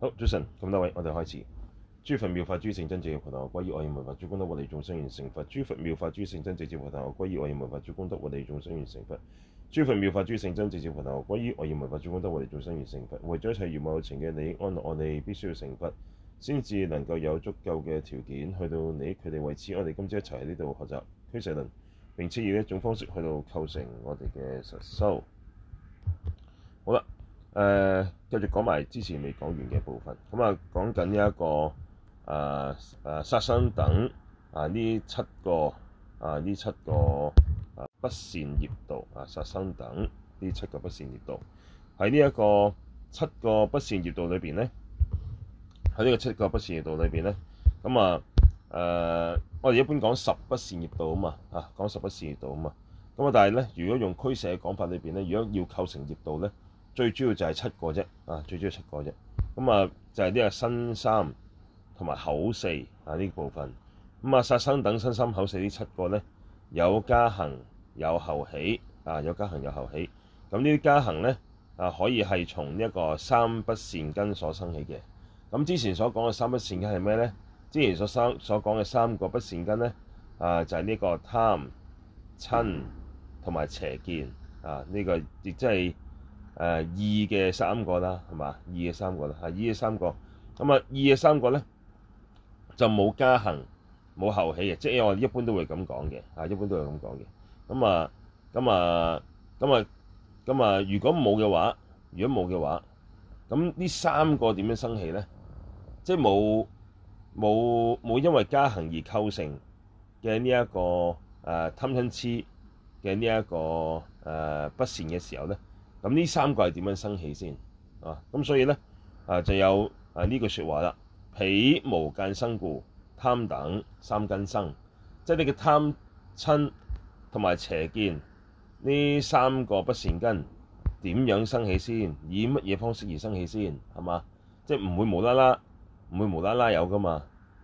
好，早晨。咁多位，我哋開始。諸佛妙法，諸聖真者，嘅群，菩提道果，依我願，文化主功德，我哋眾生願成佛。諸佛妙法，諸聖真者，嘅群，菩提道果，依我願，文化主功德，我哋眾生願成佛。諸佛妙法，諸聖真者，嘅群，菩提道果，依我願，文化主功德，我哋眾生願成佛。為咗一切如母有情嘅利益安樂，我哋必須要成佛，先至能夠有足夠嘅條件去到利益佢哋。為此，我哋今朝一齊喺呢度學習俱舍論，並且以一種方式去到構成我哋嘅實修。好啦。誒、呃，繼續講埋之前未講完嘅部分。咁、嗯，這個呃、啊，講緊呢一個啊啊殺生等啊呢七個啊呢七個啊不善業道啊殺生等呢七個不善業道，喺呢一個七個不善業道裏邊咧，喺呢個七個不善業道裏邊咧，咁、嗯、啊誒、呃，我哋一般講十不善業道啊嘛，嚇，講十不善業道啊嘛。咁啊，但係咧，如果用俱舍嘅講法裏邊咧，如果要構成業道咧，最主要就係七個啫，啊，最主要七個啫。咁啊，就係呢啊身三同埋口四啊呢、呢個部分。咁啊，殺生等、等身三口四呢七個咧，有加行，有後起啊，有加行，有後起。咁、啊、呢啲加行咧啊，可以係從呢一個三不善根所生起嘅。咁之前所講嘅三不善根係咩咧？之前所生所講嘅三個不善根咧啊，就係、係、呢個貪瞋同埋邪見啊，呢、呢個亦即係。誒意嘅三個啦，係嘛？意嘅三個啦，係意嘅三個。咁啊，意嘅三個咧就冇加行冇後起嘅，即係我哋一般都會咁講嘅。啊，一般都會咁講嘅。咁啊，咁啊，咁啊，咁啊，如果冇嘅話，如果冇嘅話，咁呢三個點樣生起咧？即係冇冇冇因為加行而構成嘅呢一個誒、啊、貪瞋痴嘅呢一個誒、啊、不善嘅時候咧？咁呢三個係點樣生起先啊？咁所以咧啊，就有啊呢句說話啦：彼無間生故，貪等三根生。即係你嘅貪瞋同埋邪見呢三個不善根，點樣生起先？以乜嘢方式而生起先？係嘛？即係唔會無啦啦，唔會無啦啦有噶嘛？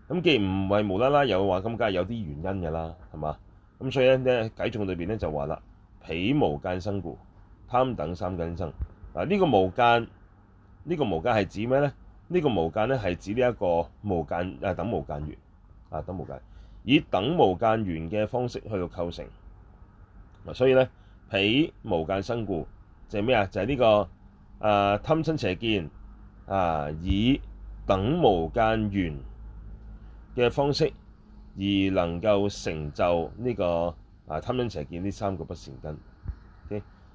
咁既然唔係無啦啦有嘅話，咁梗係有啲原因㗎啦，係嘛？咁所以咧，咧偈頌裏面咧就話啦：彼無間生故。貪等三根生，嗱、啊、呢、這個無間，呢、這個無間係指咩咧？呢、這個無間咧係指呢一個無間啊等無間緣，啊等無間，以等無間緣嘅方式去到構成，所以咧，彼無間生故就係、是、咩、就是這個、啊？就係呢個啊貪嗔邪見啊，以等無間緣嘅方式而能夠成就呢、這個啊貪嗔邪見呢三個不善根。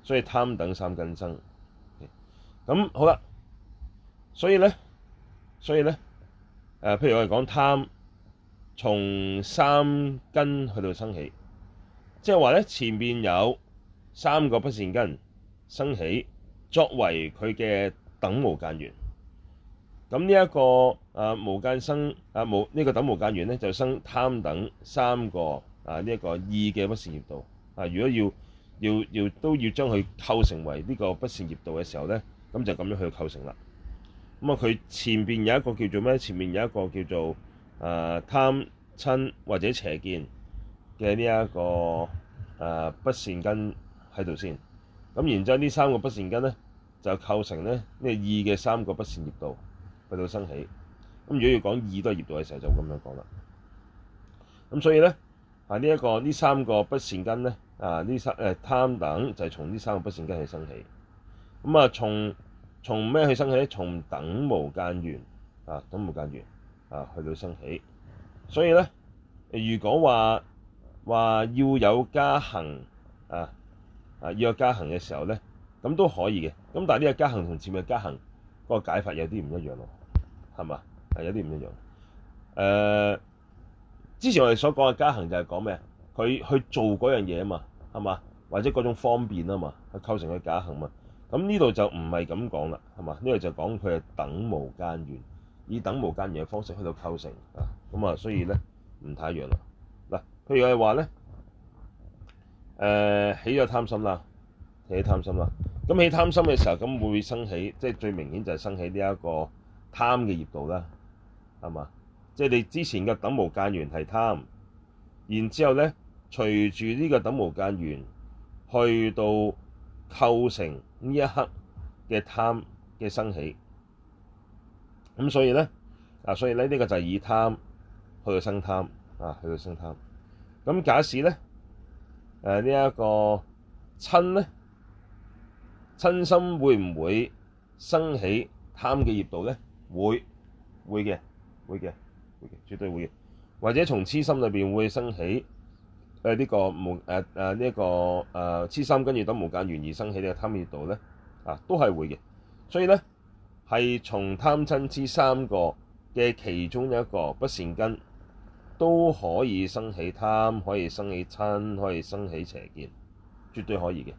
所以貪等三根生，咁好啦。所以咧，所以咧，誒，譬如我哋講貪，從三根去到生起，即係話咧，前面有三個不善根生起，作為佢嘅等無間緣。咁呢一個誒無間生啊無呢個等無間緣咧，就生貪等三個啊呢一個意嘅不善業道啊，如果要。要要都要將佢構成為呢個不善業道嘅時候咧，咁就咁樣去構成啦。咁啊，佢前面有一個叫做咩？前面有一個叫做誒、呃、貪親或者邪見嘅呢一個誒、呃、不善根喺度先。咁然之後呢三個不善根咧，就構成咧呢二嘅、這個、三個不善業道去到生起。咁如果要講二多係業道嘅時候，就咁樣講啦。咁所以咧，呢一、這個呢三個不善根咧。啊！呢三誒、啊、貪等就係從呢三個不善根去生起，咁啊從從咩去生起咧？從等無間緣啊，等無間緣啊去到生起，所以咧，如果話話要有加行啊啊要有加行嘅時候咧，咁都可以嘅，咁但係呢個加行同前面嘅加行嗰個解法有啲唔一樣咯，係嘛？有啲唔一樣。誒、啊，之前我哋所講嘅加行就係講咩啊？佢去做嗰樣嘢啊嘛，係嘛？或者嗰種方便啊嘛，去構成佢假行嘛。咁呢度就唔係咁講啦，係嘛？呢度就講佢係等無間緣，以等無間緣嘅方式去到構成啊。咁啊，所以咧唔太一樣啦。嗱，譬如係話咧，誒起咗貪心啦，起貪心，起貪心啦。咁起貪心嘅時候，咁會生起，即係最明顯就係生起呢一個貪嘅業道啦，係嘛？即係你之前嘅等無間緣係貪，然之後咧。隨住呢個等無間緣去到構成呢一刻嘅貪嘅生起，咁所以咧啊，所以咧呢個就係以貪去到生貪啊，去到生貪。咁假使咧啊，呢一個瞋咧，瞋心會唔會生起貪嘅業道咧？會，會嘅會嘅會嘅，絕對會嘅。或者從痴心裏面會生起。誒呢、呃這個無誒誒呢個誒痴心跟住到等無間緣而生起嘅貪欲道咧，啊都係會嘅。所以咧係從貪瞋痴三個嘅其中一個不善根都可以生起貪，可以生起瞋，可以生起邪見，絕對可以嘅。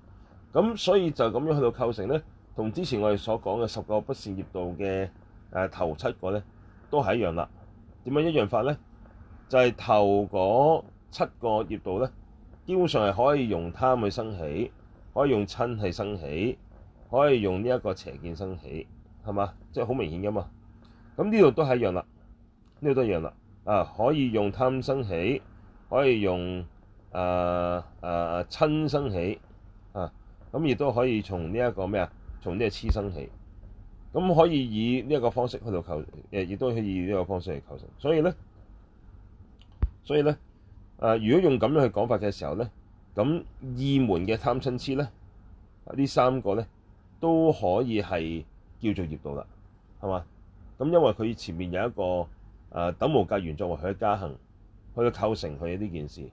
咁所以就咁樣去到構成咧，同之前我哋所講嘅十個不善業道嘅誒、啊、頭七個咧，都係一樣啦。點樣一樣法咧？就係、是、頭嗰、那個。七個業道咧，基本上係可以用貪去生起，可以用瞋去生起，可以用呢一個邪見生起，係咪？即係好明顯㗎嘛。咁呢度都係一樣啦，呢度都一樣啦。啊，可以用貪生起，可以用誒誒、啊啊、瞋生起，啊，咁亦都可以從呢一個咩啊，從呢個痴生起。咁可以以呢一個方式去到構，誒亦都可以以呢個方式去構成。所以咧，所以咧。誒，如果用咁樣去講法嘅時候咧，咁意門嘅貪瞋痴咧，呢三個咧都可以係叫做業道啦，係嘛？咁因為佢前面有一個誒、呃、等無間緣作為佢嘅加行，佢嘅構成佢呢件事，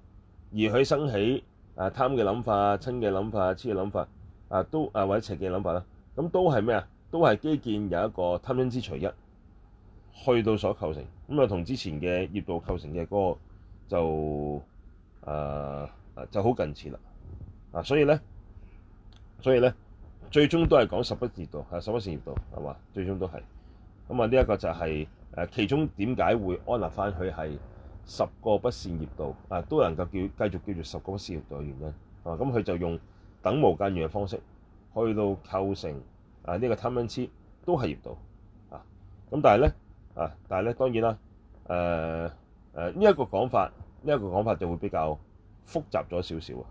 而佢生起誒、啊、貪嘅諗法、瞋嘅諗法、痴嘅諗法啊，都啊或者邪嘅諗法啦，咁都係咩啊？都係基建有一個貪瞋痴除一去到所構成，咁啊同之前嘅業道構成嘅嗰個，就誒誒就好近似啦，啊，所以咧，所以咧，最終都係講十不善業道，啊，十不善業道係嘛？最終都係，咁啊，呢一個就係誒，其中點解會安立翻佢係十個不善業道啊，都能夠叫繼續叫做十個不善業道嘅原因，啊，咁佢就用等無間緣嘅方式去到構成啊呢個貪瞋痴都係業道，啊，咁但係咧啊，但係咧，當然啦，誒。誒呢一個講法，呢、這、一個講法就會比較複雜咗少少啊，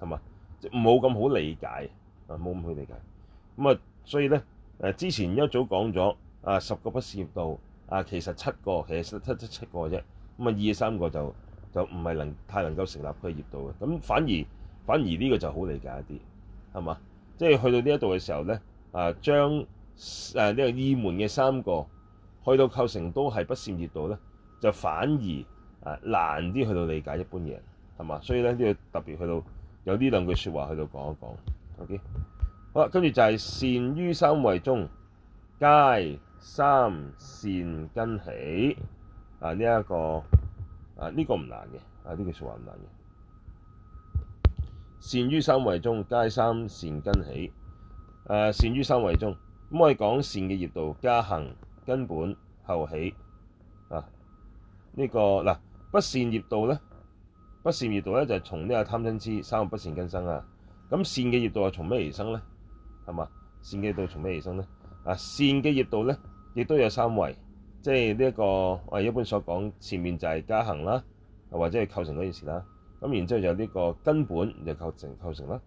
同埋即係冇咁好理解啊，冇咁好理解。咁啊，啊，所以咧誒、啊、之前一早講咗啊，十個不善業道啊，其實七個，其實七七七個啫。咁啊，意三個就就唔係能太能夠成立佢業道嘅。咁、啊、反而反而呢個就好理解啲，係嘛？即係去到呢一度嘅時候咧，啊將誒呢個意門嘅三個去到構成都係不善業道咧。就反而啊難啲去到理解一般嘅人，係嘛？所以咧都要特別去到有呢兩句說話去到講一講。OK，好啦，跟住就係善於三位中，皆三善根起。啊呢一、這個啊呢個唔難嘅，啊呢、這個啊、句說話唔難嘅。善於三位中，皆三善根起。誒、啊、善於三位中，咁我哋講善嘅業道，加行、根本、後起。呢、這個嗱不善業道咧，不善業道咧就係、是、從呢個貪瞋痴三個不善根生啊。咁善嘅業道係從咩而生咧？係嘛？善嘅業道從咩而生咧？啊，善嘅業道咧亦都有三位，即係呢一個我哋、啊、一般所講前面就係加行啦，或者係構成嗰件事啦。咁然之後就有呢個根本就構成構成啦。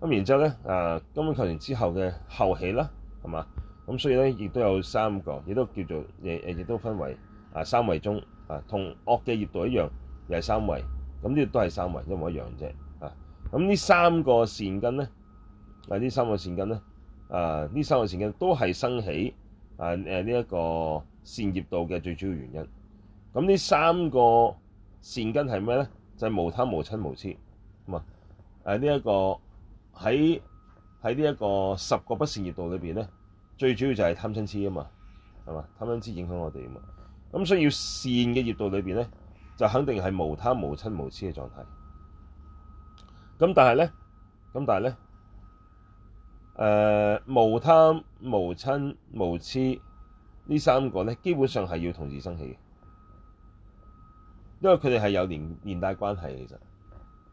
咁然之後咧啊，根本構成之後嘅後起啦，係嘛？咁所以咧亦都有三個，亦都叫做亦亦都分為。啊，三位中啊，同惡嘅業道一樣，又係三位咁，呢度都係三位一模一樣啫。啊，咁呢三個善根咧，啊呢三個善根咧，啊呢三個善根都係生起啊誒呢一個善業道嘅最主要原因。咁呢三個善根係咩咧？就係、是、無貪無瞋無痴，咁啊誒呢一個喺喺呢一個十個不善業道裏邊咧，最主要就係貪瞋痴啊嘛，係嘛貪瞋痴影響我哋啊嘛。咁所以要善嘅業道裏面咧，就肯定係無貪無瞋無痴嘅狀態。咁但係咧，咁但係咧，誒、呃、無貪無瞋無痴呢三個咧，基本上係要同時生起嘅，因為佢哋係有連連帶關係其實。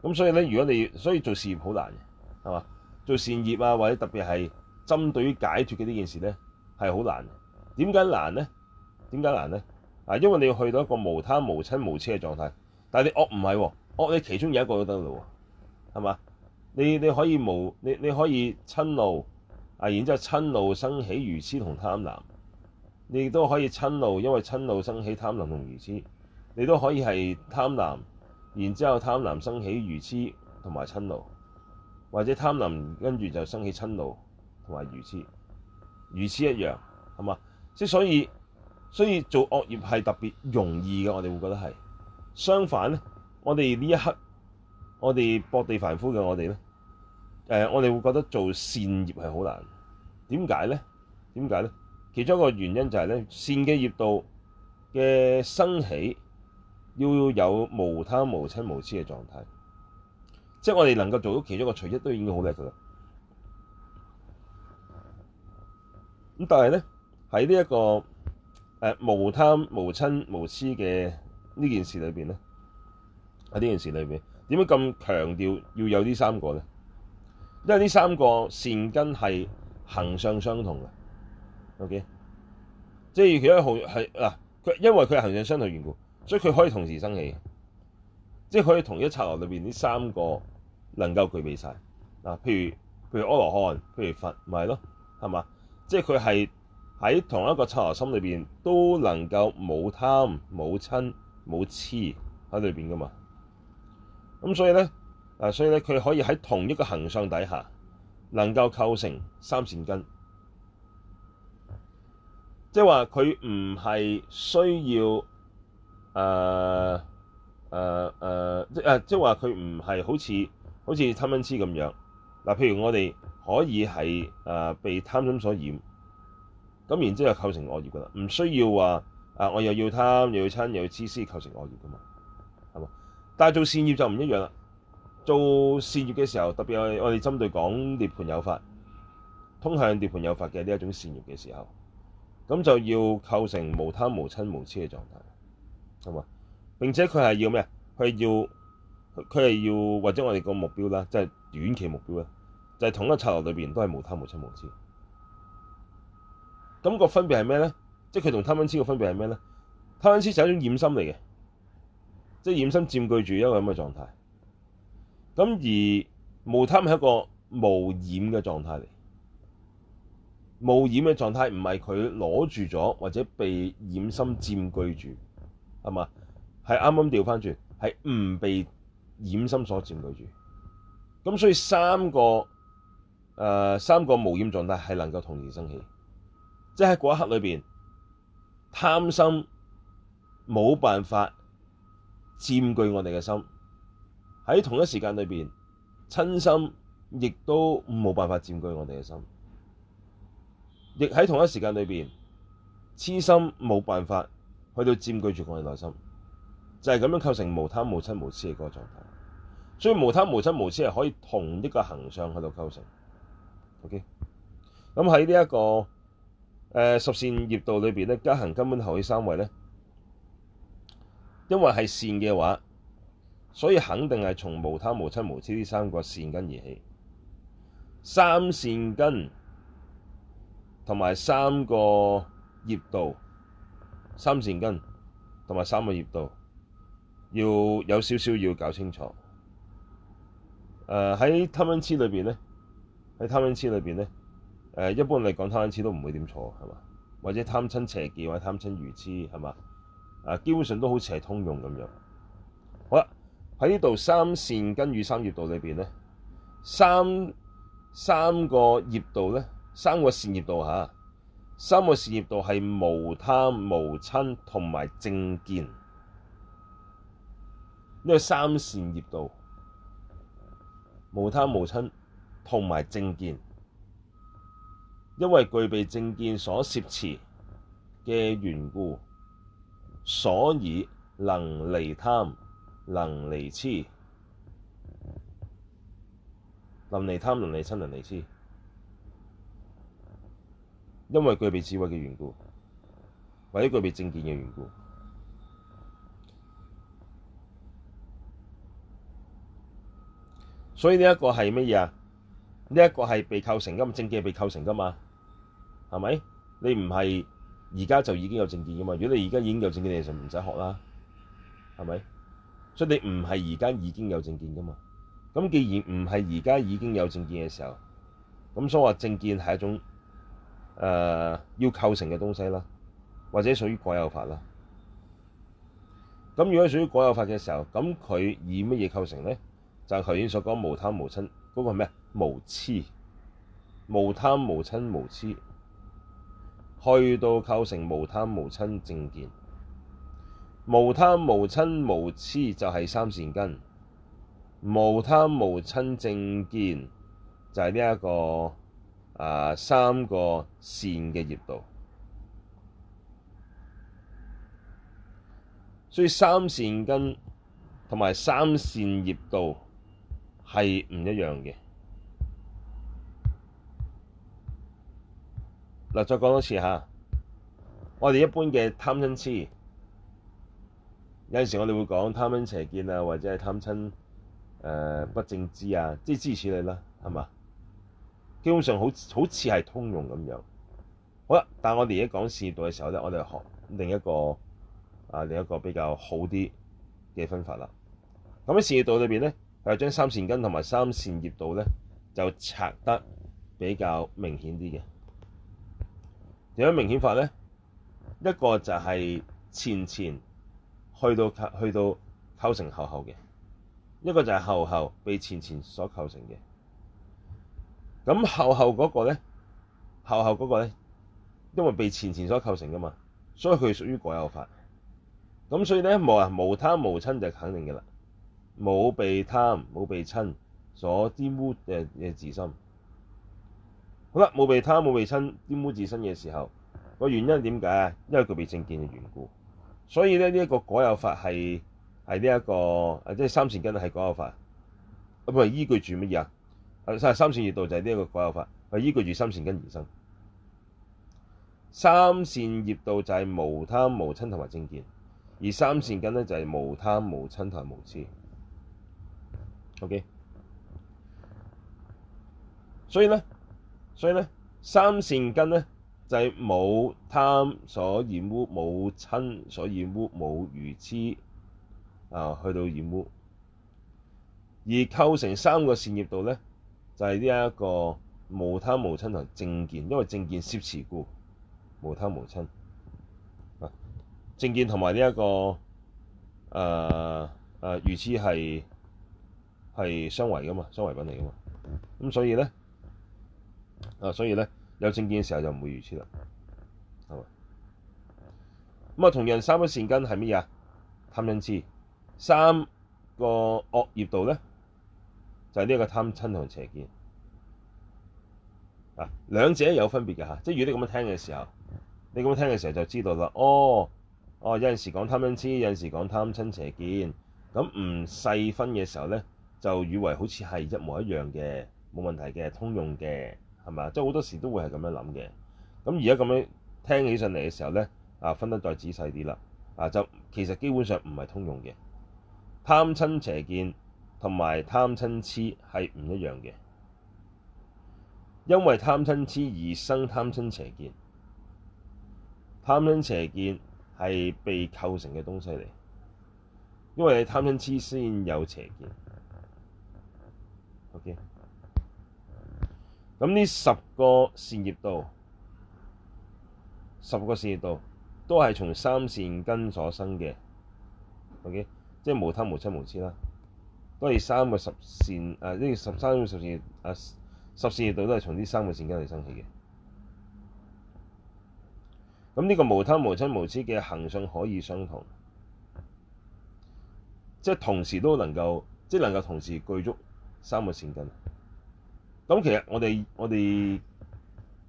咁所以咧，如果你所以做事業好難嘅，係嘛？做善業啊，或者特別係針對於解脫嘅呢件事咧，係好難嘅。點解難咧？點解難咧？啊！因為你要去到一個無貪無瞋無痴嘅狀態，但係你惡唔係喎，惡你其中有一個都得嘞喎，係嘛？你你可以無你你可以瞋怒啊，然之後瞋怒生起愚痴同貪婪，你都可以瞋怒，因為瞋怒生起貪婪同愚痴，你都可以係貪婪，然之後貪婪生起愚痴同埋瞋怒，或者貪婪跟住就生起瞋怒同埋愚痴，愚痴一樣係嘛？即所以。所以做惡業係特別容易嘅，我哋會覺得係。相反咧，我哋呢一刻，我哋博地凡夫嘅我哋咧，誒，我哋會覺得做善業係好難。點解咧？點解咧？其中一個原因就係咧，善嘅業道嘅生起要有無貪無瞋無痴嘅狀態，即係我哋能夠做到其中一個隨一都，都已經好叻嘅啦。咁但係咧，喺呢一個誒、呃、無貪無瞋無痴嘅呢件事裏面，面，咧，喺呢件事裏面點解咁強調要有呢三個呢？因為呢三個善根係行相相同嘅，OK？即係其家好係嗱，佢因為佢、啊、行相相同緣故，所以佢可以同時生起嘅，即係可以同一策劃裏面呢三個能夠具備晒。嗱、啊，譬如譬如阿羅漢，譬如佛，咪係咯，係嘛？即係佢係。喺同一個赤裸心裏邊，都能夠冇貪、冇瞋、冇痴喺裏邊噶嘛。咁所以咧，嗱，所以咧，佢可以喺同一個行相底下，能夠構成三善根，即係話佢唔係需要誒誒誒，即係即係話佢唔係好似好似貪瞋痴咁樣。嗱，譬如我哋可以係誒、呃、被貪心所染。咁然之後就構成惡業㗎喇。唔需要話、啊、我又要貪又要親又要痴痴構成惡業㗎嘛，係嘛？但係做善業就唔一樣啦。做善業嘅時候，特別我我哋針對講跌盤有法，通向跌盤有法嘅呢一種善業嘅時候，咁就要構成無貪無親無痴嘅狀態，係咪？並且佢係要咩啊？佢要佢係要或者我哋個目標啦，即、就、係、是、短期目標啦，就係、是、同一層樓裏面都係無貪無親無痴。咁個分別係咩咧？即係佢同貪嗔痴個分別係咩咧？貪嗔痴就係一種染心嚟嘅，即係染心佔據住一個咁嘅狀態。咁而無貪係一個無染嘅狀態嚟，無染嘅狀態唔係佢攞住咗或者被染心佔據住，係嘛？係啱啱調翻轉，係唔被染心所佔據住。咁所以三個誒、呃、三個無染狀態係能夠同時升起。即喺嗰一刻裏邊，貪心冇辦法佔據我哋嘅心，喺同一時間裏邊，瞋心亦都冇辦法佔據我哋嘅心，亦喺同一時間裏邊，痴心冇辦法去到佔據住我哋內心，就係、是、咁樣構成無貪無瞋無痴嘅嗰個狀態。所以無貪無瞋無痴係可以同一個行相去到構成。OK，咁喺呢一個。誒、呃、十善業道裏面咧，加行、根本、後起三位咧，因為係善嘅話，所以肯定係從無貪、無嗔、無痴呢三個善根而起。三善根同埋三個業道，三善根同埋三個業道，要有少少要搞清楚。誒喺貪嗔痴裏面咧，喺貪嗔痴裏邊咧。誒、呃、一般嚟講，貪瞋痴都唔會點錯，係嘛？或者貪瞋邪見，或者貪瞋愚痴，係嘛？啊，基本上都好似係通用咁樣。好啦，喺呢度三善根與三業道裏面咧，三三個業道咧，三個善業道嚇，三個善業道係、啊、無貪無瞋同埋正見，呢、這個三善業道無貪無瞋同埋正見。因為具備正見所攝持嘅緣故，所以能離貪，能離痴，能離貪，能離嗔，能離痴。因為具備智慧嘅緣故，或者具備正見嘅緣故，所以呢一個係乜嘢啊？呢、這、一個係被構成噶嘛？正見係被構成噶嘛？係咪？你唔係而家就已經有正見噶嘛？如果你而家已經有正見，你就唔使學啦。係咪？所以你唔係而家已經有正見噶嘛？咁既然唔係而家已經有正見嘅時候，咁所以話正見係一種誒、呃、要構成嘅東西啦，或者屬於果有法啦。咁如果屬於果有法嘅時候，咁佢以乜嘢構成咧？就頭、是、先所講無貪無瞋嗰、那個係咩啊？無痴、無貪、無瞋、無痴。去到構成無貪無瞋正見，無貪無瞋無痴就係三善根，無貪無瞋正見就係呢一個啊三個善嘅業道，所以三善根同埋三善業道係唔一樣嘅。嗱，再講多次嚇。我哋一般嘅貪瞋痴，有陣時我哋會講貪瞋邪見啊，或者係貪瞋誒、呃、不正知啊，即係支持你啦，係嘛？基本上好好似係通用咁樣。好啦，但係我哋而家講善業道嘅時候咧，我哋學另一個啊另一個比較好啲嘅分法啦。咁喺善業道裏邊咧，係、就、將、是、三善根同埋三善業道咧就拆得比較明顯啲嘅。點樣明顯法咧？一個就係前前去到去到構成後後嘅，一個就係後後被前前所構成嘅。咁後後嗰個咧，後後嗰個咧，因為被前前所構成噶嘛，所以佢屬於果有法。咁所以咧冇人無貪無瞋就肯定嘅啦，冇被貪冇被瞋所玷污嘅嘅自心。好啦，冇被貪，冇被瞋玷污自身嘅時候，個原因點解啊？因為佢被正見嘅緣故，所以咧呢一個果有法係係呢一個，即係三善根係果有法，咁啊依據住乜嘢啊？三三善業道就係呢一個果有法，佢依據住三善根而生。三善業道就係無貪無瞋同埋正見。而三善根咧就係無貪無瞋同埋無痴。OK，所以咧。所以咧，三善根咧就係、是、冇貪所染污、無瞋所染污、冇愚痴。啊，去到染污。而構成三個善業道咧，就係呢一個冇貪無瞋同正見，因為正見攝持故無貪無瞋。正、啊、見同埋呢一個誒誒、啊啊、愚痴係係相違噶嘛，相違品嚟噶嘛。咁所以咧。啊，所以咧有正見嘅時候就唔會如此啦，係嘛？咁啊，同樣三個善根係乜嘢？貪嗔痴三個惡業道咧，就係、是、呢個貪嗔同邪見啊。兩者有分別嘅吓，即係如果你咁樣聽嘅時候，你咁聽嘅時候就知道啦。哦哦，有陣時講貪嗔痴，有陣時講貪嗔邪見，咁唔細分嘅時候咧，就以為好似係一模一樣嘅，冇問題嘅，通用嘅。係嘛？即係好多時都會係咁樣諗嘅。咁而家咁樣聽起上嚟嘅時候咧，啊，分得再仔細啲啦。啊，就其實基本上唔係通用嘅。貪瞋邪見同埋貪瞋痴係唔一樣嘅，因為貪瞋痴而生貪瞋邪見。貪瞋邪見係被構成嘅東西嚟，因為你貪瞋痴先有邪見。OK。咁呢十個善業道，十個善業道都係從三善根所生嘅，OK，即係無貪無瞋無痴啦。都係三個十善，誒、啊，呢十三個十善，誒、啊，十善業道都係從呢三個善根嚟生起嘅。咁、嗯、呢、這個無貪無瞋無痴嘅行相可以相同，即係同時都能夠，即係能夠同時具足三個善根。咁其實我哋我哋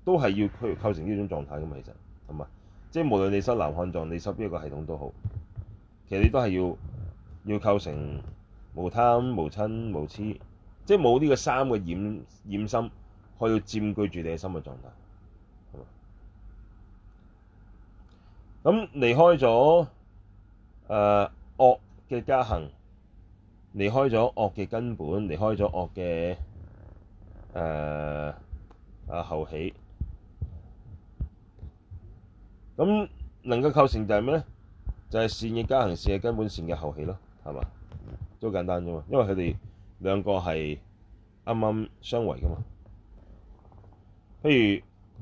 都係要去構成呢種狀態㗎嘛，其實係咪？即係無論你修南漢狀，你修邊一個系統都好，其實你都係要要構成無貪無瞋、無痴，即係冇呢個三個染染心去佔據住你嘅心嘅狀態，係咪？咁離開咗誒、呃、惡嘅加行，離開咗惡嘅根本，離開咗惡嘅。誒啊、呃、後起，咁能夠構成就係咩咧？就係善嘅加行，善嘅根本，善嘅後起咯，係嘛？都簡單啫嘛，因為佢哋兩個係啱啱相違噶嘛。譬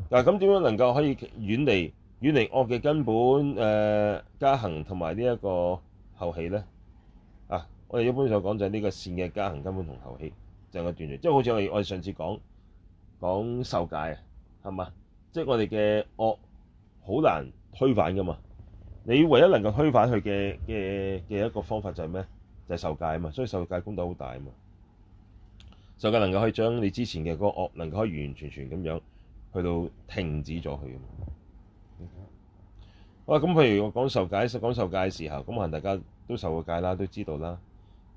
如嗱，咁點樣能夠可以遠離遠離惡嘅根本誒加、呃、行同埋呢一個後起咧？啊，我哋一般所講就係呢個善嘅加行、根本同後起。就係個段即係好似我我上次講講受戒啊，係嘛？即、就、係、是、我哋嘅惡好難推反噶嘛。你唯一能夠推反佢嘅嘅嘅一個方法就係咩？就係、是、受戒啊嘛。所以受戒功德好大啊嘛。受戒能夠可以將你之前嘅嗰個惡能夠可以完完全全咁樣去到停止咗佢。啊咁、嗯、譬如我講受戒，講受戒嘅時候，咁可能大家都受過戒啦，都知道啦。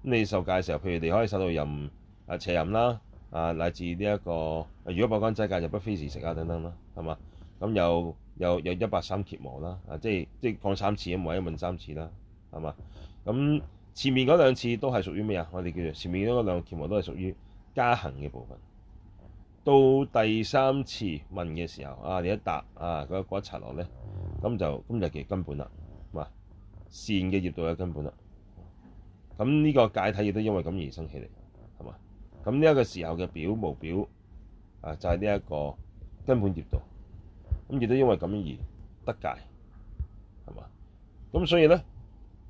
你受戒嘅時候，譬如你可以受到任。啊邪淫啦，啊乃至呢、這、一個，如果破關制戒就不非時食啊等等啦，係嘛？咁有有，有一白三羯磨啦，啊即係即係講三次啊，問一問三次啦，係嘛？咁前面嗰兩次都係屬於咩啊？我哋叫做前面嗰兩羯磨都係屬於加行嘅部分。到第三次問嘅時候，啊你一答啊，一刮一落咧，咁就今日嘅根本啦，嘛善嘅業道嘅根本啦。咁呢個戒體亦都因為咁而生起嚟。咁呢一個時候嘅表無表啊，就係呢一個根本業道，咁亦都因為咁而得戒，係嘛？咁所以呢，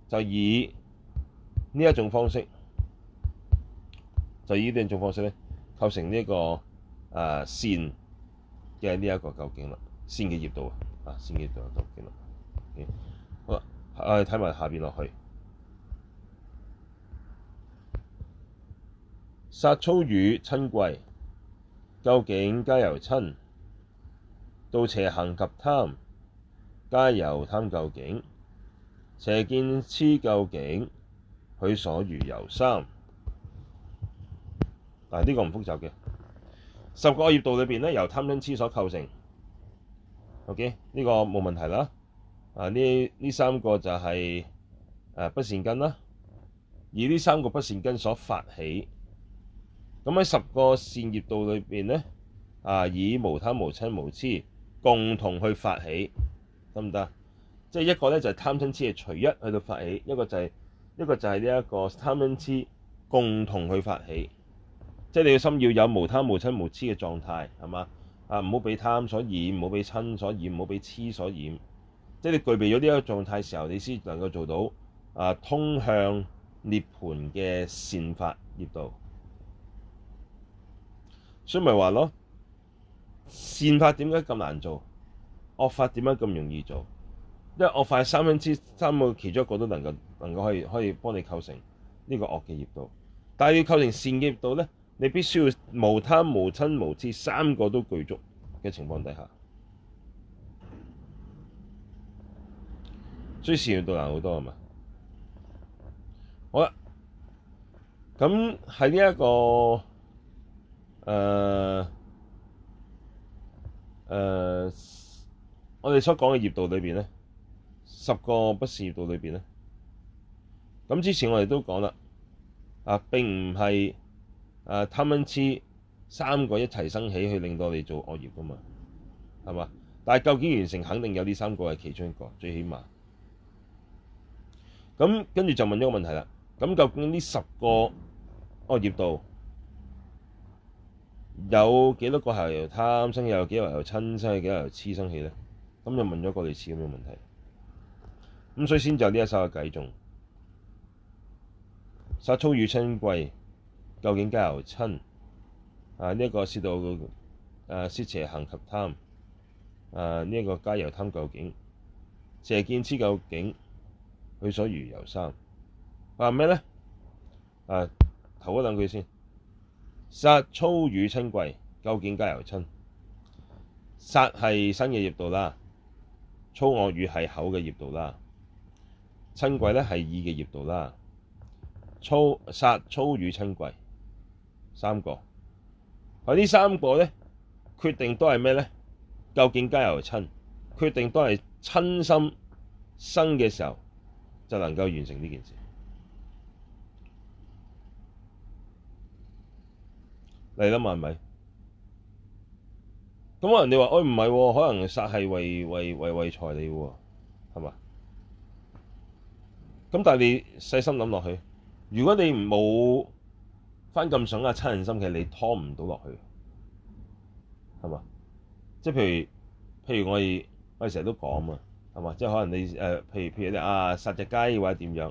就以呢一種方式，就以呢種方式呢構成呢、這、一個啊善嘅呢一個究竟啦，善嘅業道啊，啊善嘅業道究竟啦。好啦，我哋睇埋下面落去。殺粗語瞋恚，究竟皆由瞋；盜邪行及貪，皆由貪究竟，邪見痴究竟，許所餘由三。但係呢個唔複雜嘅十個業道裏邊咧，由貪嗔痴所構成。OK，呢個冇問題啦。啊，呢呢三個就係、是、誒、啊、不善根啦，而呢三個不善根所發起。咁喺十個善業道裏面咧，啊，以無貪無瞋無痴共同去發起得唔得？即係一個咧就係、是、貪瞋痴係隨一去到發起，一個就係、是、一個就係呢一個貪瞋痴共同去發起。即係你嘅心要有無貪無瞋無痴嘅狀態，係嘛？啊，唔好俾貪所染，唔好俾瞋所染，唔好俾痴所染。即係你具備咗呢一個狀態時候，你先能夠做到啊，通向涅盤嘅善法業道。所以咪話咯，善法點解咁難做？惡法點解咁容易做？因為惡法三分之三個其中一個都能夠能夠可以可以幫你構成呢個惡嘅業道，但係要構成善嘅業道咧，你必須要無貪無瞋無痴三個都具足嘅情況底下，所以善業道難好多係嘛？好啦，咁喺呢一個。誒誒、呃呃，我哋所講嘅業道裏面咧，十個不善業道裏面咧。咁之前我哋都講啦，啊並唔係誒貪嗔痴三個一齊生起去令到你做惡業噶嘛，係嘛？但係究竟完成肯定有呢三個係其中一個，最起碼。咁跟住就問咗個問題啦。咁究竟呢十個惡業道，有幾多個係貪生有幾多由瞋生有幾多由痴生起呢？咁就問咗一個類似咁嘅問題。咁所以先就呢一首嘅偈頌。殺粗語瞋恚，究竟皆由瞋？啊呢個、這個是盜啊，盜邪行及貪。啊呢、這個個皆由貪，究竟邪見痴，究竟許所餘由三？話咩咧？啊，頭、啊、一兩句先。殺粗語瞋恚，究竟皆由瞋。殺係身嘅業道啦，粗惡語係口嘅業道啦，瞋恚咧係意嘅業道啦。殺粗殺粗語瞋恚三個，喺呢三個咧，決定都係咩咧？究竟皆由瞋，決定都係瞋心生嘅時候，就能夠完成呢件事。你諗啦嘛，係咪？咁可能你話：哦、哎，唔係喎，可能殺係為為為為財利喎，係嘛？咁但係你細心諗落去，如果你冇翻咁上啊親人心嘅，你拖唔到落去，係嘛？即係譬如譬如我哋我哋成日都講嘛，係嘛？即係可能你誒譬如譬如你啊殺隻雞或者點樣，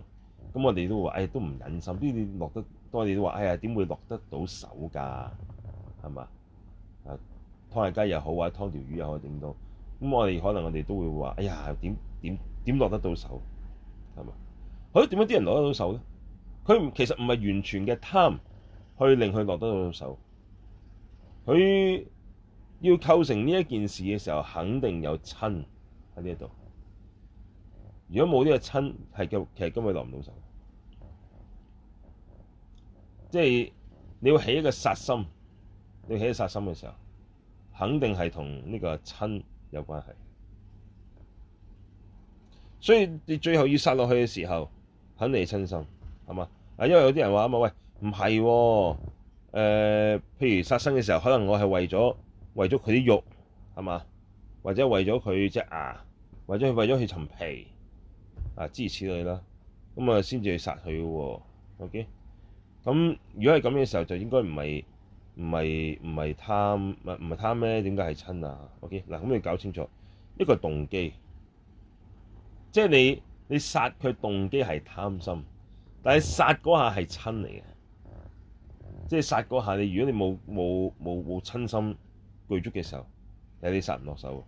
咁我哋都話：誒、哎、都唔忍心，呢啲落得。當你話，哎呀，點會落得到手㗎？係嘛？啊，劏下雞又好，或者劏條魚又好，整到咁，我哋可能我哋都會話：哎呀，點點點落得到手？係嘛？佢點樣啲人落得到手咧？佢其實唔係完全嘅貪去令佢落得到手。佢要構成呢一件事嘅時候，肯定有瞋喺呢度。如果冇呢個瞋，係其實根本落唔到手。即係你要起一個殺心，你要起一個殺心嘅時候，肯定係同呢個瞋有關係。所以你最後要殺落去嘅時候，肯定係瞋心，係嘛？啊，因為有啲人話啊嘛，喂，唔係喎，誒，譬如殺生嘅時候，可能我係為咗為咗佢啲肉，係嘛？或者為咗佢隻牙，為咗佢為咗佢層皮，啊，諸如此類啦，咁啊，先至去殺佢喎，哦。OK。咁如果係咁嘅時候，就應該唔係唔係唔係貪唔係貪咩？點解係瞋啊？OK 嗱，咁你搞清楚一個動機，即係你你殺佢動機係貪心，但係殺嗰下係瞋嚟嘅，即係殺嗰下你如果你冇冇冇冇瞋心具足嘅時候，有啲殺唔落手，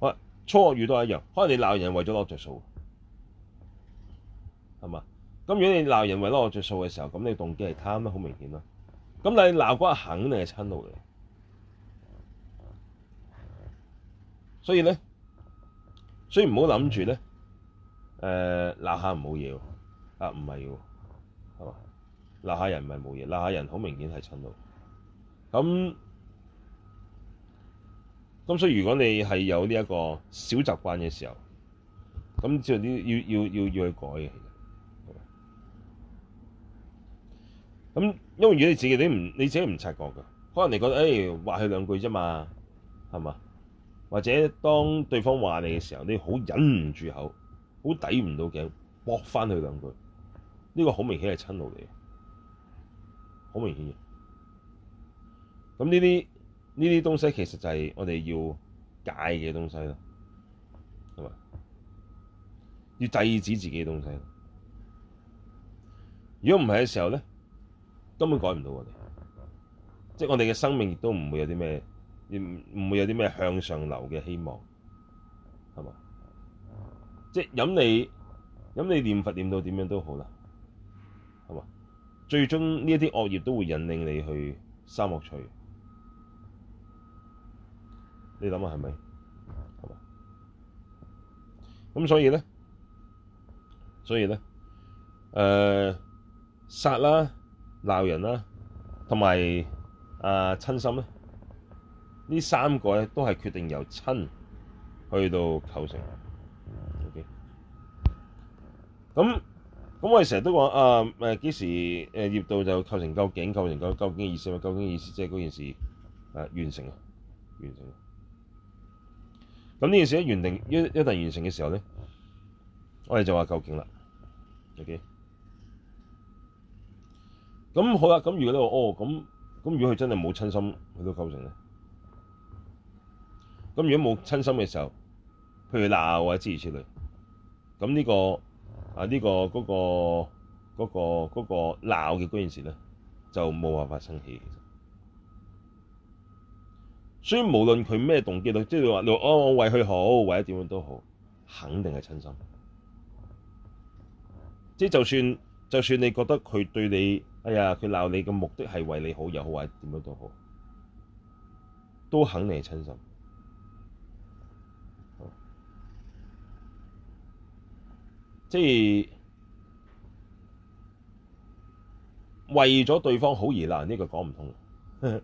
喂，初學遇到一樣，可能你鬧人為咗攞着數，係嘛？咁如果你鬧人為咗我着數嘅時候，咁你動機係貪得好明顯啦。咁你係鬧嗰下肯定係瞋怒嚟，所以咧，所以唔好諗住咧，誒、呃、鬧下唔好嘢啊，唔係喎，係嘛？鬧、哦、下人唔係冇嘢，鬧下人好明顯係瞋怒。咁咁所以如果你係有呢一個小習慣嘅時候，咁就要要要要要去改嘅。咁，因為如果你自己你唔你自己唔察覺㗎，可能你覺得誒話佢兩句啫嘛，係嘛？或者當對方話你嘅時候，你好忍唔住口，好抵唔到頸，駁翻佢兩句，呢個好明顯係親路嚟，好明顯。咁呢啲呢啲東西其實就係我哋要戒嘅東西咯，係嘛？要制止自己嘅東西。如果唔係嘅時候咧。根本改唔到我哋，即係我哋嘅生命亦都唔會有啲咩，唔唔會有啲咩向上流嘅希望，係嘛？即係任你任你念佛念到點樣都好啦，係嘛？最終呢啲惡業都會引領你去三惡趣，你諗下係咪？係嘛？咁所以呢，所以呢，呃，殺啦！鬧人啦、啊，同埋啊瞋心咧、啊，呢三個咧都係決定由瞋去到構成的。O.K. 咁咁我哋成日都講啊誒幾時誒業道就構成究竟，構成究竟嘅意思，究竟嘅意思即係嗰件事、啊、完成嘅完成。咁呢件事一完定一一旦完成嘅時候咧，我哋就話究竟啦。O.K. 咁好啦，咁如果你話哦，咁咁如果佢真係冇瞋心，佢都構成咧。咁如果冇瞋心嘅時候，譬如鬧啊之類之類，咁呢個啊呢個嗰個嗰個嗰個鬧嘅嗰件事呢，就冇辦法生氣。其實，所以無論佢咩動機，即係你話哦，我為佢好或者點樣都好，肯定係瞋心。即係就算就算你覺得佢對你，哎呀，佢鬧你嘅目的係為你好，又好或者點樣都好，都肯定係瞋心。即係為咗對方好而鬧，呢、這個講唔通。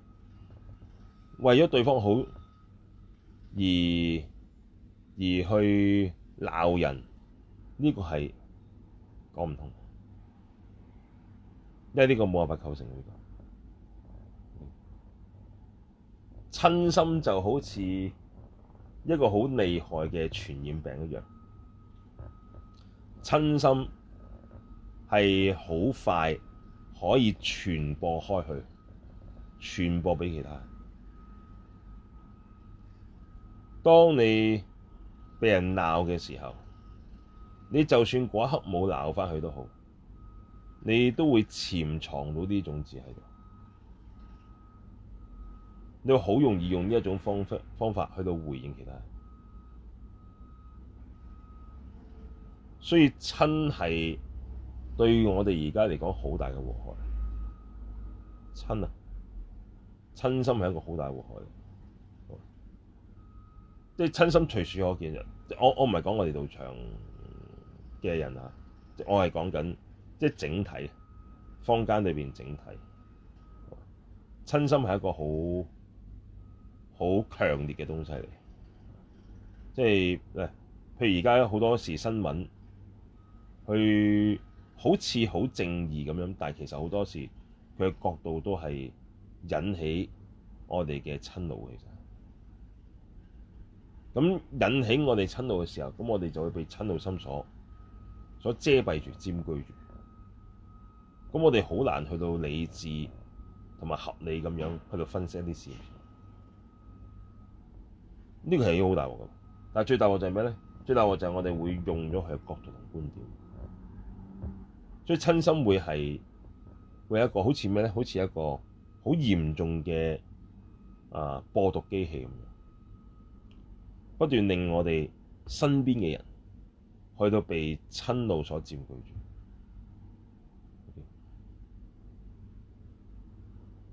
為咗對方好而而去鬧人，呢、這個係講唔通。因為呢個冇辦法構成呢個瞋心，就好似一個好厲害嘅傳染病一樣，瞋心係好快可以傳播開去，傳播畀其他人。當你畀人鬧嘅時候，你就算嗰一刻冇鬧返去都好。你都會潛藏到呢種字喺度，你會好容易用呢一種方法方法去到回應其他人、啊，人。所以瞋係對我哋而家嚟講好大嘅禍害。瞋啊，瞋心係一個好大禍害，即係瞋心隨處可見。即我我唔係講我哋道場嘅人啊，我係講緊。即係整體，坊間裏邊整體瞋心係一個好好強烈嘅東西嚟。即係譬如而家好多時新聞，佢好似好正義咁樣，但係其實好多時佢嘅角度都係引起我哋嘅瞋怒。其實咁引起我哋瞋怒嘅時候，咁我哋就會被瞋怒心所所遮蔽住、佔據住。咁我哋好難去到理智同埋合理咁樣去到分析一啲事情，呢個係好大鑊噶。但係最大鑊就係咩咧？最大鑊就係我哋會用咗佢嘅角度同觀點，所以親心會係會有一個好似咩咧？好似一個好嚴重嘅啊播毒機器咁樣，不斷令我哋身邊嘅人去到被親腦所佔據住。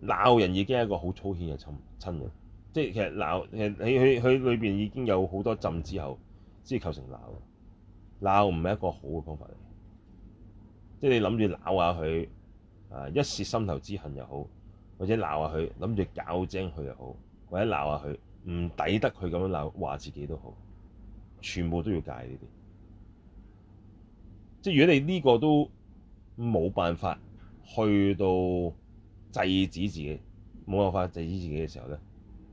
鬧人已經係一個好粗淺嘅親親人，即係其實鬧其實佢佢裏邊已經有好多浸之後先至構成鬧。鬧唔係一個好嘅方法嚟，即係你諗住鬧下佢，啊一泄心頭之恨又好，或者鬧下佢諗住搞精佢又好，或者鬧下佢唔抵得佢咁樣鬧話自己都好，全部都要戒呢啲。即係如果你呢個都冇辦法去到。制止自己，冇辦法制止自己嘅時候咧，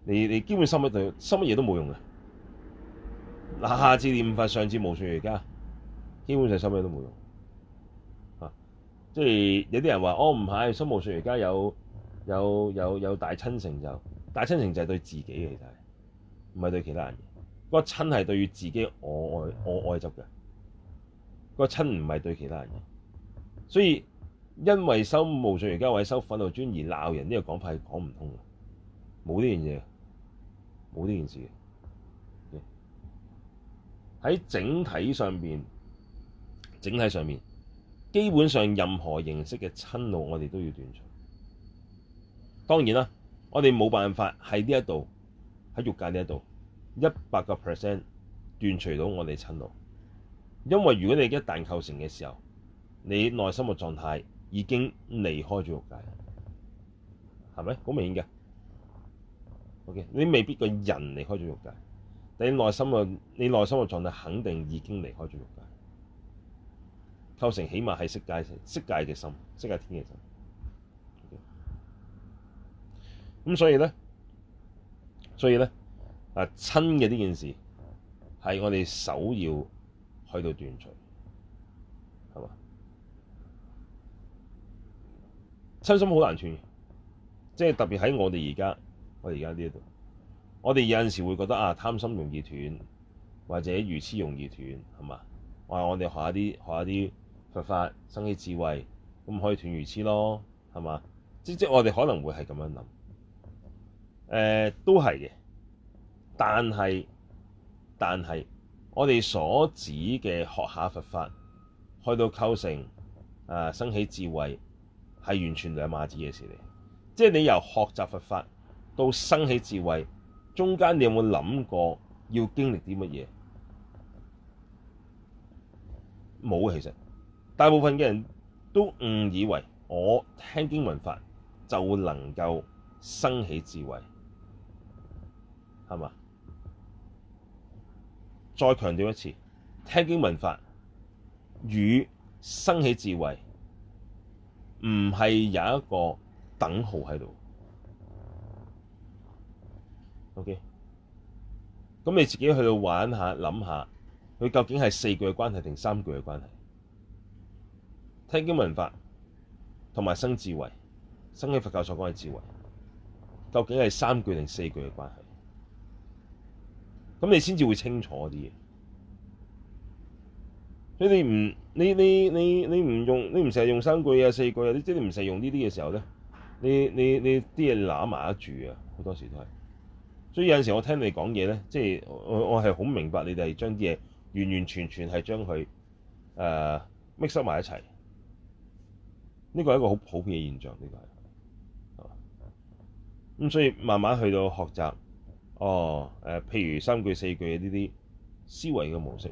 你你基本修乜嘢修乜嘢都冇用嘅。嗱、啊，下次念法，上次無説而家，基本上修咩都冇用嚇、啊。即係有啲人話：，我唔係，心無説而家有有有有，有大親情就大親情就係對自己嘅，其實唔係對其他人嘅？個親係對自己我愛我愛執嘅，個親唔係對其他人嘅，所以。因為收無罪，而家為修憤怒尊而鬧人這個是不通的，呢個講法係講唔通嘅，冇呢件嘢，冇呢件事嘅，喺整體上邊，整體上面基本上任何形式嘅瞋怒，我哋都要斷除。當然啦，我哋冇辦法喺呢一度喺欲界呢一度一百個 percent 斷除到我哋瞋怒。因為如果你一旦構成嘅時候，你內心嘅狀態。已經離開咗欲界，係咪？好明顯嘅。OK，你未必個人離開咗欲界，但係內心啊，你內心嘅狀態肯定已經離開咗欲界，構成起碼係色界的，色界嘅心，色界天嘅心。咁、okay? 所以咧，所以咧，啊瞋嘅呢件事係我哋首要去到斷除。瞋心好難斷，即係特別喺我哋而家，我哋而家呢度，我哋有陣時候會覺得啊，貪心容易斷，或者愚痴容易斷，係嘛？話我哋學下啲學下啲佛法，生起智慧，咁可以斷愚痴咯，係嘛？即即我哋可能會係咁樣諗，誒、呃、都係嘅，但係但係我哋所指嘅學下佛法，去到構成啊，生起智慧。係完全兩碼子嘅事嚟，即係你由學習佛法到生起智慧，中間你有冇諗過要經歷啲乜嘢？冇，其實大部分嘅人都誤以為我聽經聞法就能夠生起智慧，係嘛？再強調一次，聽經聞法與生起智慧。唔係有一個等號喺度，OK？咁你自己去到玩下，諗下，佢究竟係四句嘅關係定三句嘅關係？聽經文法同埋生智慧，生起佛教所講嘅智慧，究竟係三句定四句嘅關係？咁你先至會清楚啲嘢。你哋唔，你你你你唔用，你唔成日用三句啊四句啊，你即係你唔成日用呢啲嘅時候咧，你你你啲嘢攬埋一住啊，好多時都係。所以有陣時我聽你講嘢咧，即係我我係好明白你哋將啲嘢完完全全係將佢誒 mix 埋一齊。呢個係一個好普遍嘅現象，呢個係。咁所以慢慢去到學習，哦誒，譬如三句四句呢啲思維嘅模式。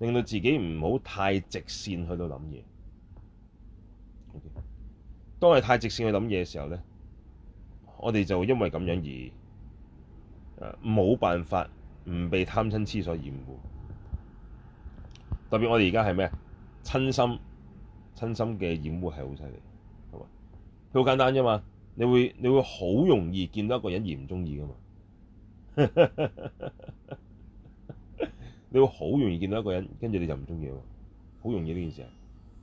令到自己唔好太直線去到諗嘢。當你太直線去諗嘢嘅時候咧，我哋就因為咁樣而冇辦法唔被貪瞋痴所掩護。特別我哋而家係咩？瞋心瞋心嘅掩護係好犀利。係嘛，佢好簡單啫嘛，你會你會好容易見到一個人而唔中意噶嘛。 你會好容易見到一個人，跟住你就唔中意，好容易呢件事，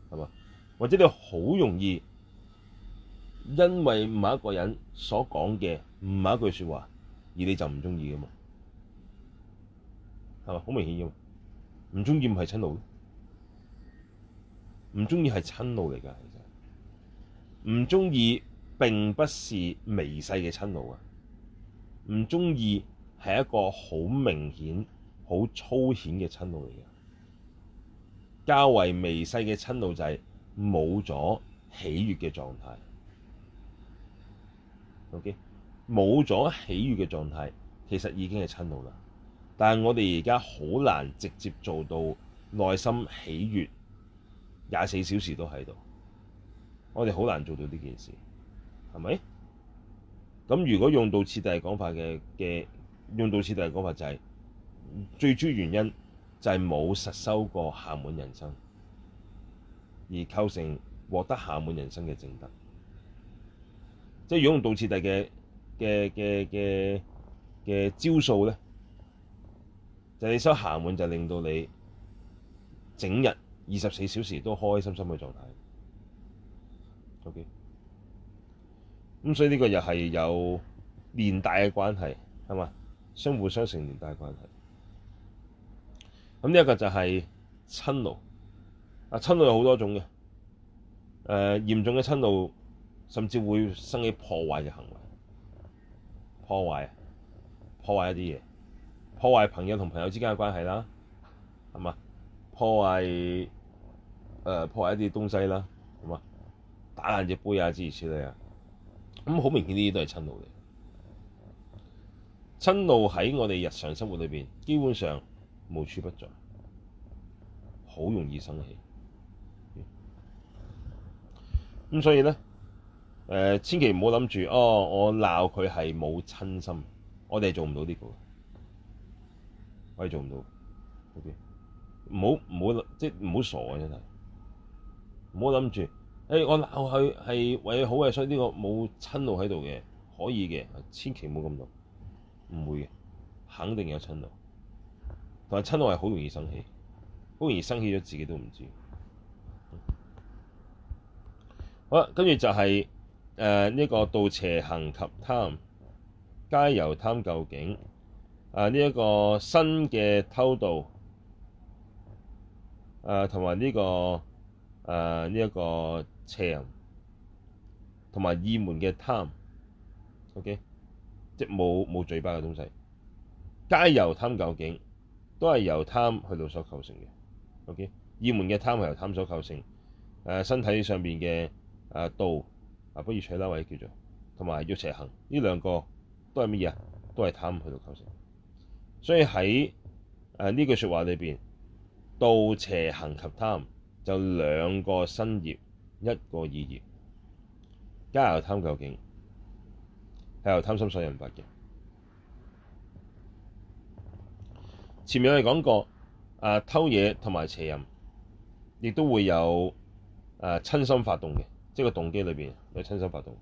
係嘛？或者你好容易因為某一個人所講嘅，唔係一句說話，而你就唔中意噶嘛？係咪？好明顯噶嘛？唔中意唔係瞋怒，唔中意係瞋怒嚟噶，其實唔中意並不是微細嘅瞋怒啊，唔中意係一個好明顯。好粗顯嘅瞋怒嚟嘅，較為微，微細嘅瞋怒就係冇咗喜悅嘅狀態。OK，冇咗喜悅嘅狀態，其實已經係瞋怒啦。但係我哋而家好難直接做到內心喜悅，廿四小時都喺度。我哋好難做到呢件事，係咪？咁如果用到次第講法嘅嘅，用到次第講法就係、是。最主要原因就係冇實修過下滿人生，而構成獲得下滿人生嘅正德。即係用道次第嘅嘅嘅嘅嘅招數咧，就你收下滿就令到你整日二十四小時都開開心心嘅狀態。O.K. 咁所以呢個又係有連帶嘅關係，係嘛？相互相成連帶關係。咁呢一個就係瞋怒，啊瞋怒有好多種嘅，誒、呃、嚴重嘅瞋怒甚至會生起破壞嘅行為，破壞，破壞一啲嘢，破壞朋友同朋友之間嘅關係啦，係嘛？破壞誒、呃、破壞一啲東西啦，係嘛？打爛隻杯啊諸如此類啊，咁好明顯呢啲都係瞋怒嚟。瞋怒喺我哋日常生活裏面，基本上，無處不在，好容易生氣。咁、嗯、所以咧，誒、呃、千祈唔好諗住哦，我鬧佢係冇瞋心，我哋做唔到呢個，我哋做唔到。好、OK? 啲，唔好唔好即係唔好傻啊！真係，唔好諗住，誒我鬧佢係為好嘅，所以呢個冇瞋怒喺度嘅，可以嘅，千祈唔好咁諗，唔會嘅，肯定有瞋怒。同埋瞋恚，好容易生氣，好容易生氣咗，自己都唔知好。好啦、就是，跟住就係誒呢個個盜邪行及貪皆由貪究竟。啊、呃，呢、這、一個身嘅偷盜，誒同埋呢個誒呢一個邪，同埋意門嘅貪 O.K.，即係冇冇嘴巴嘅東西，皆由貪究竟。都係由貪去到所構成嘅，O.K. 意門嘅貪係由貪所構成，誒、呃、身體上面嘅誒、呃、盜啊，不如取啦，或者叫做同埋要邪行，呢兩個都係咩嘢啊？都係貪去到構成，所以喺誒呢句說話裏面，道「盜邪行及貪就兩個身業，一個意業，皆由，貪究竟，係由貪心所引發嘅。前面我哋講過，啊偷嘢同埋邪淫，亦都會有啊瞋心發動嘅，即係個動機裏面有瞋心發動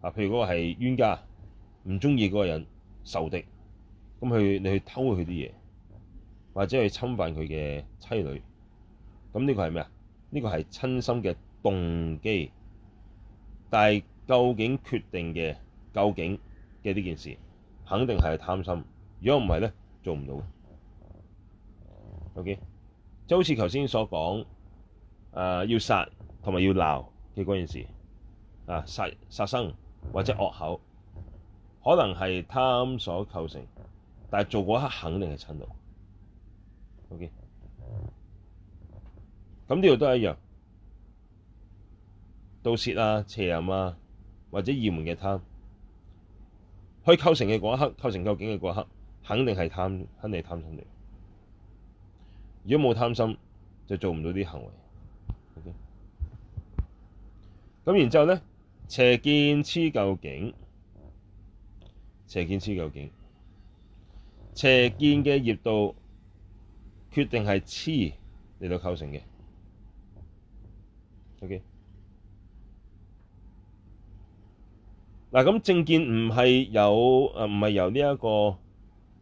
啊。譬如嗰個係冤家，唔中意嗰個人仇敵，咁去你去偷佢啲嘢，或者去侵犯佢嘅妻女，咁呢個係咩啊？呢、這個係瞋心嘅動機，但係究竟決定嘅究竟嘅呢件事，肯定係貪心。如果唔係咧，做唔到嘅。O.K. 就好似頭先所講，誒、呃，要殺同埋要鬧嘅嗰件事，啊，殺殺生或者惡口，可能係貪所構成，但係做嗰一刻肯定係嗔到。O.K. 咁呢度都係一樣，盜竊啊、邪淫啊或者二門嘅貪，去構成嘅嗰一刻，構成究竟嘅嗰一刻，肯定係貪，肯定係貪嗔道。如果冇貪心，就做唔到啲行為。咁，OK，然之後呢，邪見痴究竟，邪見痴究竟，邪見嘅業道決定係痴嚟到構成嘅。ok 嗱，咁正見唔係有誒，唔係由呢一個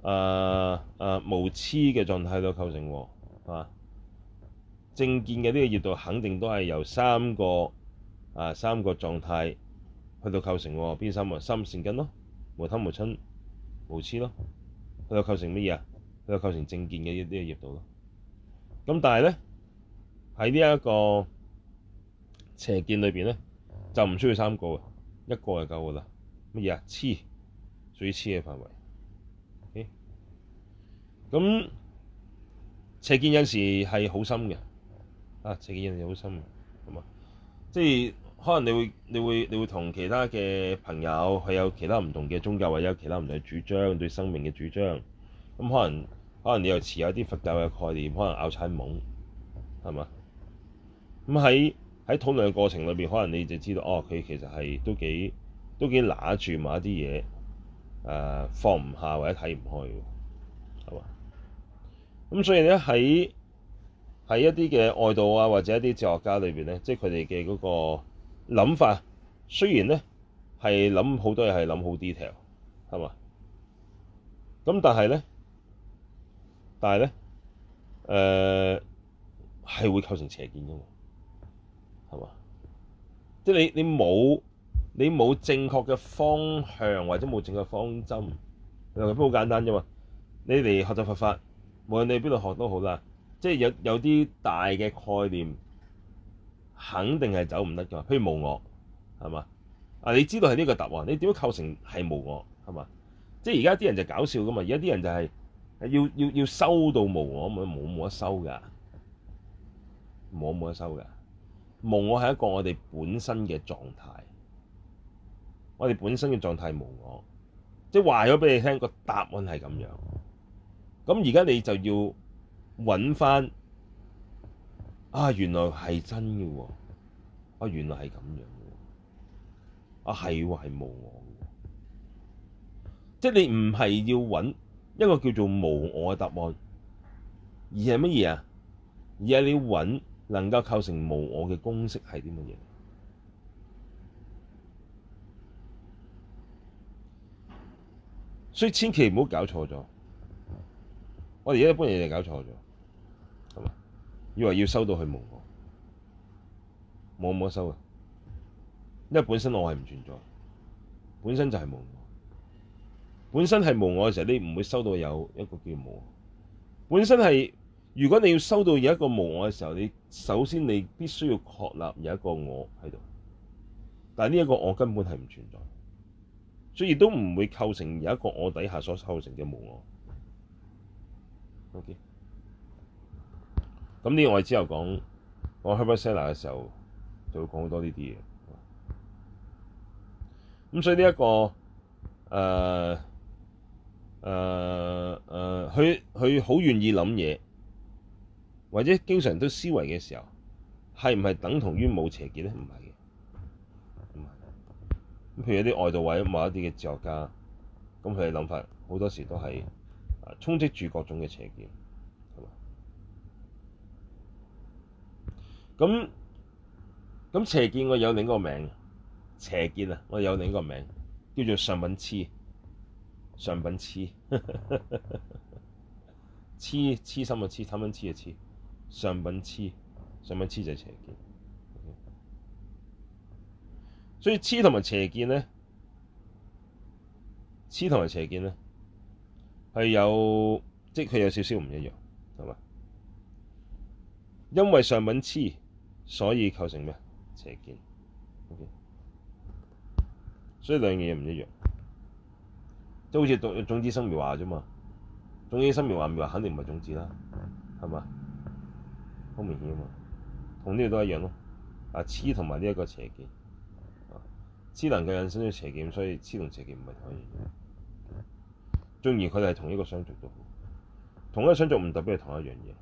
誒誒無痴嘅狀態到構成喎。啊！正見嘅呢個業道肯定都係由三個啊三個狀態去到構成喎。邊三個？三善根咯，無貪無瞋無痴咯，去到構成乜嘢啊？去到構成正見嘅呢個嘅業道咯。咁但係咧喺呢一個邪見裏邊咧，就唔需要三個啊，一個就夠噶啦。乜嘢啊？痴，屬於痴嘅範圍。咁、okay？邪見有時係好深嘅，啊邪見有時好深㗎，咁啊，即係可能你會你會你會同其他嘅朋友，佢有其他唔同嘅宗教或者有其他唔同嘅主張，對生命嘅主張，咁、嗯、可能可能你又持有啲佛教嘅概念，可能拗柴懵，係嘛？咁喺喺討論嘅過程裏面，可能你就知道，哦，佢其實係都幾都幾拿住埋一啲嘢，誒、呃、放唔下或者睇唔開咁所以咧，喺喺一啲嘅外道啊，或者一啲哲學家裏邊咧，即係佢哋嘅嗰個諗法，雖然咧係諗好多嘢係諗好 detail 係嘛，咁但係咧，但係咧，誒、呃、係會構成邪見㗎嘛，係嘛？即係你你冇你冇正確嘅方向，或者冇正確嘅方針，其實都好簡單啫嘛。你哋學習佛法。無論你邊度學都好啦，即係有有啲大嘅概念，肯定係走唔得噶。譬如無我，係嘛？啊，你知道係呢個答案，你點樣構成係無我？係嘛？即係而家啲人就搞笑噶嘛？而家啲人就係要要要收到無我，冇冇得收噶，冇冇得收噶。無我係一個我哋本身嘅狀態，我哋本身嘅狀態無我，即係話咗俾你聽，個答案係咁樣。咁而家你就要揾翻啊，原來係真嘅喎！啊，原來係咁樣嘅喎！啊，係喎，係、啊、無我嘅喎！即係你唔係要揾一個叫做無我嘅答案，而係乜嘢啊？而係你要揾能夠構成無我嘅公式係啲乜嘢？所以千祈唔好搞錯咗。我而家一般嘢就搞錯咗，係嘛？以為要收到去無我，冇冇收嘅，因為本身我係唔存在，本身就係無我，本身係無我嘅時候，你唔會收到有一個叫無我。本身係如果你要收到有一個無我嘅時候，你首先你必須要確立有一個我喺度，但係呢一個我根本係唔存在，所以都唔會構成有一個我底下所構成嘅無我。OK，咁呢個我之後講我 Herbertseller 嘅時候就會講好多呢啲嘢。咁所以呢、這、一個誒誒誒，佢佢好願意諗嘢，或者經常都思維嘅時候，係唔係等同於冇邪見咧？唔係嘅。唔係嘅。咁譬如有啲外道或者某一啲嘅哲學家，咁佢哋諗法好多時都係。充斥住各種嘅邪見。咁咁邪見我有另一個名。邪見啊，我有另一個名叫做上品痴，上品痴痴痴心啊，痴貪瞋痴啊，痴上品痴，上品痴就係邪見。所以痴同埋邪見呢？痴同埋邪見呢？係有，即係佢有少少唔一樣，係嘛？因為上品痴，所以構成咩邪見？O.K.，所以兩樣嘢唔一樣，即好似種種子生苗華啫嘛。種子生苗華，苗華肯定唔係種子啦，係嘛？好明顯嘛，同呢度都一樣咯。啊，痴同埋呢一個邪見，痴能夠引生呢邪見，所以痴同邪見唔係同一樣。縱然佢哋係同一個相續都好，同一個相續唔代表係同一樣嘢。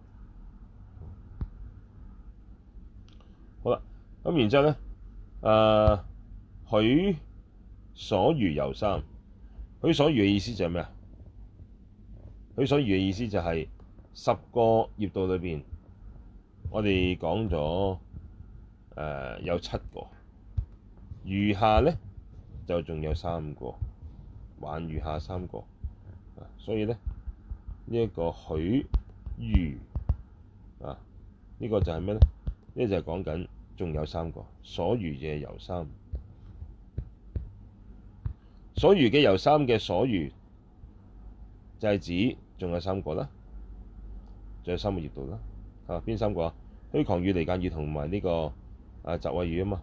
好啦，咁然之後咧，誒、啊、許所餘由三，許所餘嘅意思就係咩啊？許所餘嘅意思就係十個業道裏面，我哋講咗誒有七個，餘下咧就仲有三個，還餘下三個。所以呢這個許餘啊，呢、這個，就係咩麼呢、這個，就係講緊仲有三個所餘嘅由三，所餘嘅由三嘅所餘，就係、是、指仲有三個啦，仲有三個業道啦。邊、啊、三個啊？虛誑語、離間語同埋呢個啊雜穢語啊嘛。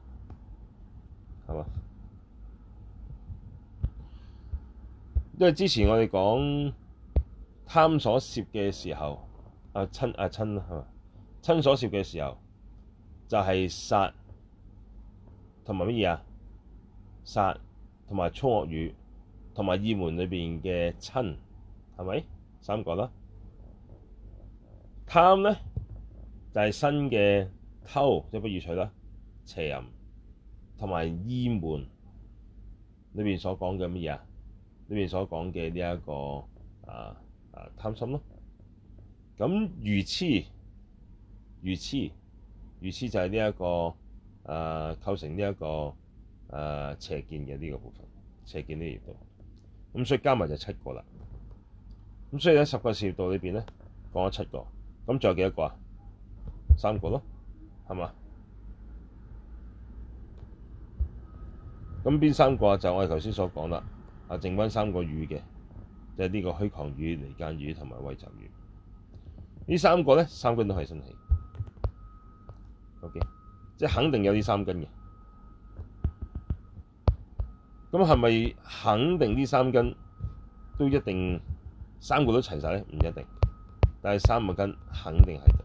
因為之前我哋講貪所攝嘅時候，阿、啊、瞋阿、啊、瞋係嘛？瞋所攝嘅時候就係、是、殺同埋乜嘢啊？殺同埋粗惡語同埋意門裏面嘅瞋係咪三個啦？貪咧就係、是、身嘅偷即係不如取啦，邪淫同埋意門裏面所講嘅乜嘢啊？呢邊所講嘅呢一個啊啊貪心咯，咁愚痴、愚痴、愚痴就係呢一個啊構成呢一個啊邪見嘅呢個部分，邪見呢業道，咁所以加埋就七個啦。咁所以喺十個業道裏邊咧講咗七個，咁仲有幾多個啊？三個咯，係嘛？咁邊三個就我哋頭先所講啦。啊，剩返三個語嘅，即係呢個虛誑語、離間語同埋穢雜語，呢三個呢，三根都係生起。OK，即係肯定有呢三根嘅。咁係咪肯定呢三根都一定三個都齊晒呢？唔一定，但係三個根肯定喺度。